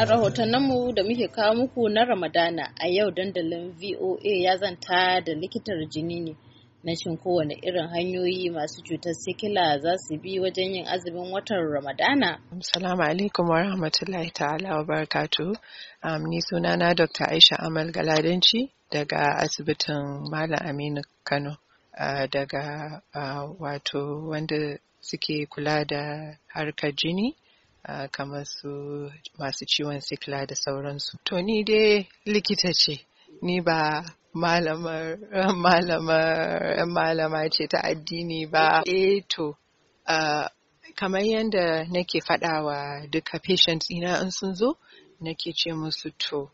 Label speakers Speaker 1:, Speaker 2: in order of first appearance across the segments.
Speaker 1: A rahotanninmu da muke kawo muku na Ramadana a yau dandalin VOA ya zanta da likitar jini ne na shin kowane irin hanyoyi masu cutar sikila za su bi wajen yin azumin watan Ramadana. Assalamu alaikum wa rahmatullahi ta'ala wa barakatu. Um, ni sunana Dr. Aisha Amal Galadanci daga asibitin Malam Aminu Kano uh, daga uh, wato wanda suke kula da harkar jini. kamar su masu ciwon sikila da sauransu. To ni dai likita ce, ni ba malamar malamar malama ce ta addini ba. E to, kamar yadda nake faɗawa duka patients ina in sun zo, nake ce musu to,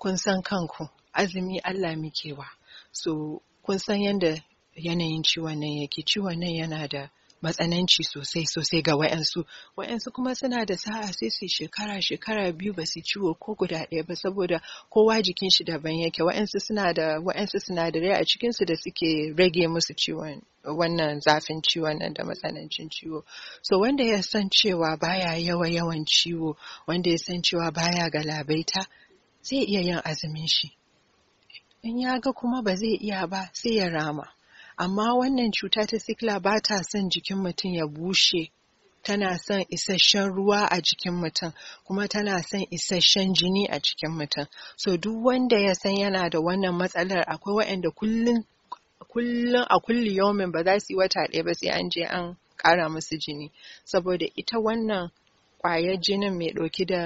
Speaker 1: kun san kanku, azumi Allah muke wa. So, kun san yadda yanayin ciwon nan yake, ciwon nan yana da matsananci sosai sosai ga wa'yansu wa'yansu kuma suna da sa'a sai su shekara shekara biyu ba su ciwo ko guda ɗaya ba saboda kowa jikin shi daban yake wa'yansu suna da wa'yansu sinadarai a cikin su da suke rage musu ciwon wannan zafin ciwon nan da matsanancin ciwo so wanda ya san cewa baya yawa yawan ciwo wanda ya san cewa baya labaita, zai iya yin azumin shi in ya ga kuma ba zai iya ba sai ya rama amma wannan cuta ta sikila ba ta son jikin mutum ya bushe tana son isasshen ruwa a jikin mutum kuma tana son isasshen jini a jikin mutum so duk wanda ya san yana da wannan matsalar akwai waɗanda kullum a kulli yomin ba za su yi wata ɗaya ba sai an je an ƙara musu jini saboda ita wannan ƙwayar jinin mai ɗauki da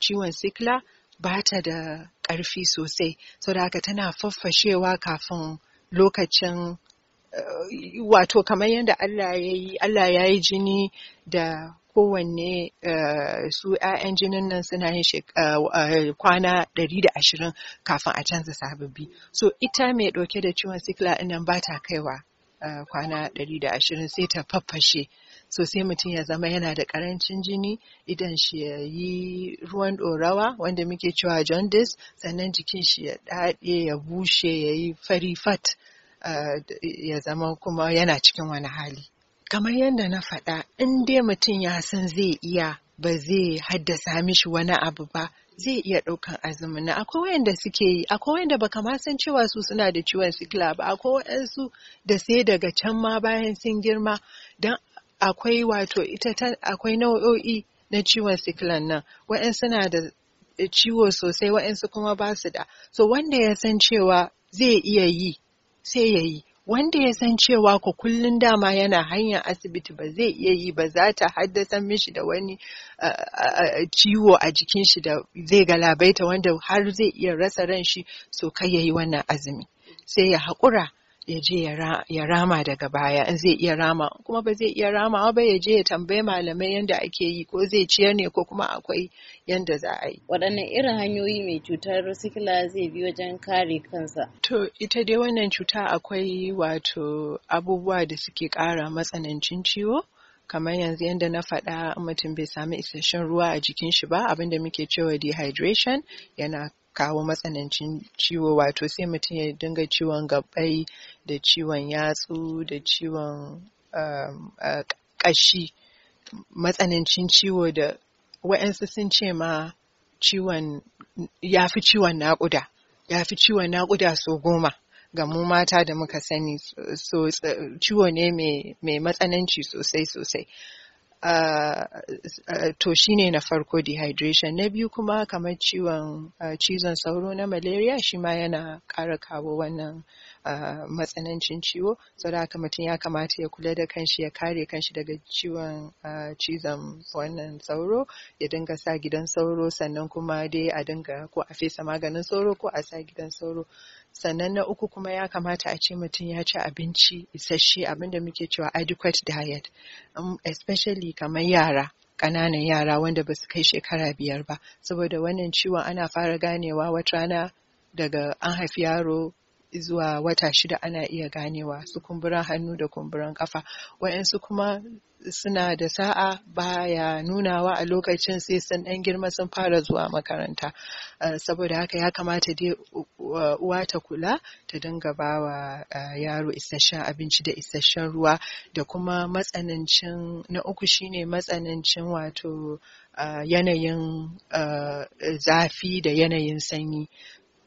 Speaker 1: ciwon sikila ba ta da ƙarfi sosai saboda haka tana faffashewa kafin lokacin wato kamar yadda Allah ya yi Allah ya yi jini da kowanne eh, su 'ya'yan jinin nan suna yin eh, eh, kwana ashirin kafin a canza sababbi so ita mai ɗauke da ciwon sikila nan ba ta kaiwa kwana da ashirin, sai ta faffashe so sai mutum ya zama yana da karancin jini idan shi ya yi ruwan ɗorawa wanda muke cewa jaundice sannan jikin shi ya ɗaɗe ya bushe ya yi fari fat ya zama kuma yana cikin wani hali kamar yadda na faɗa in dai mutum ya san zai iya ba zai haddasa mishi wani abu ba zai iya ɗaukan azumin akwai wayanda suke yi akwai wayanda ba kama san cewa su suna da ciwon sikila ba akwai waɗansu da sai daga can ma bayan sun girma don akwai wato ita ta akwai nau'o'i na ciwon sikilan nan waɗansu na da ciwo sosai waɗansu kuma ba su da so wanda ya san cewa zai iya yi sai ya yi wanda ya san cewa ku kullum dama yana hanyar asibiti ba zai iya yi ba za ta haddasa mishi da wani ciwo a jikin shi da zai galabaita wanda har zai iya rasa ran shi so kai ya yi wannan azumi sai ya haƙura ya je ya rama daga baya in zai iya rama kuma ba zai iya rama ba ya je ya tambayi malamai yadda ake yi ko zai ciyar ne ko kuma akwai yadda za a yi. Waɗanne irin hanyoyi mai cutar sikila zai bi wajen kare kansa? To ita dai wannan cuta akwai wato abubuwa da suke ƙara matsanancin ciwo. kamar yanzu yadda na faɗa mutum bai sami isasshen ruwa a jikin shi ba abinda muke cewa dehydration yana kawo matsanancin ciwo wato sai mutum ya dinga ciwon gabbai da ciwon yatsu da ciwon um, ƙashi matsanancin ciwo da wa'yansu sun ce ma ciwon ya fi ciwon naƙuda ya fi ciwon naƙuda sau goma ga mu mata da muka sani ciwo ne mai matsananci sosai sosai to shine na farko dehydration na biyu kuma kamar ciwon cizon sauro na malaria shi ma yana kara kawo wannan matsanancin ciwo sau da haka mutum ya kamata ya kula da kanshi ya kare kanshi daga ciwon cizon wannan sauro ya dinga sa gidan sauro sannan kuma dai a dinga ko a fesa maganin sauro ko a sa gidan sauro sannan na uku kuma ya kamata a ce mutum ya ci abinci isasshe abinda muke cewa adequate diet um, especially kamar yara ƙananan yara wanda ba su kai shekara biyar ba saboda wannan ciwon ana fara ganewa wata rana daga an haifi yaro zuwa wata shida ana iya ganewa su kumburan hannu da kumburan kafa waɗansu kuma suna da sa'a baya nunawa a lokacin sai sun ɗan girma sun fara zuwa makaranta uh, saboda haka ya kamata dai uwa ta kula ta dinga ba wa eh, yaro isasshen abinci da isasshen ruwa da kuma matsanancin na uku shine matsanancin wato eh, yanayin eh, zafi da yanayin sanyi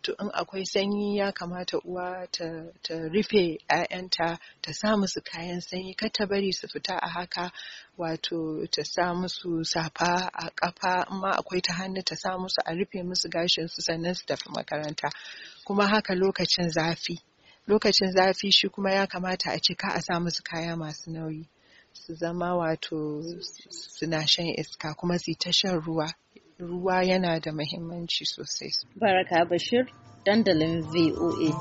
Speaker 1: to in akwai sanyi ya kamata uwa ta, rufe 'ya'yanta ta sa musu kayan sanyi kar ta bari su fita a haka wato ta sa musu safa a ƙafa ma akwai ta hannu ta sa musu a rufe musu gashin su sannan su tafi makaranta kuma haka lokacin zafi lokacin zafi shi kuma ya kamata a cika a sa musu kaya masu nauyi su zama wato suna shan iska kuma su ta shan ruwa ruwa yana da mahimmanci sosai. Baraka Bashir, dandalin VOA.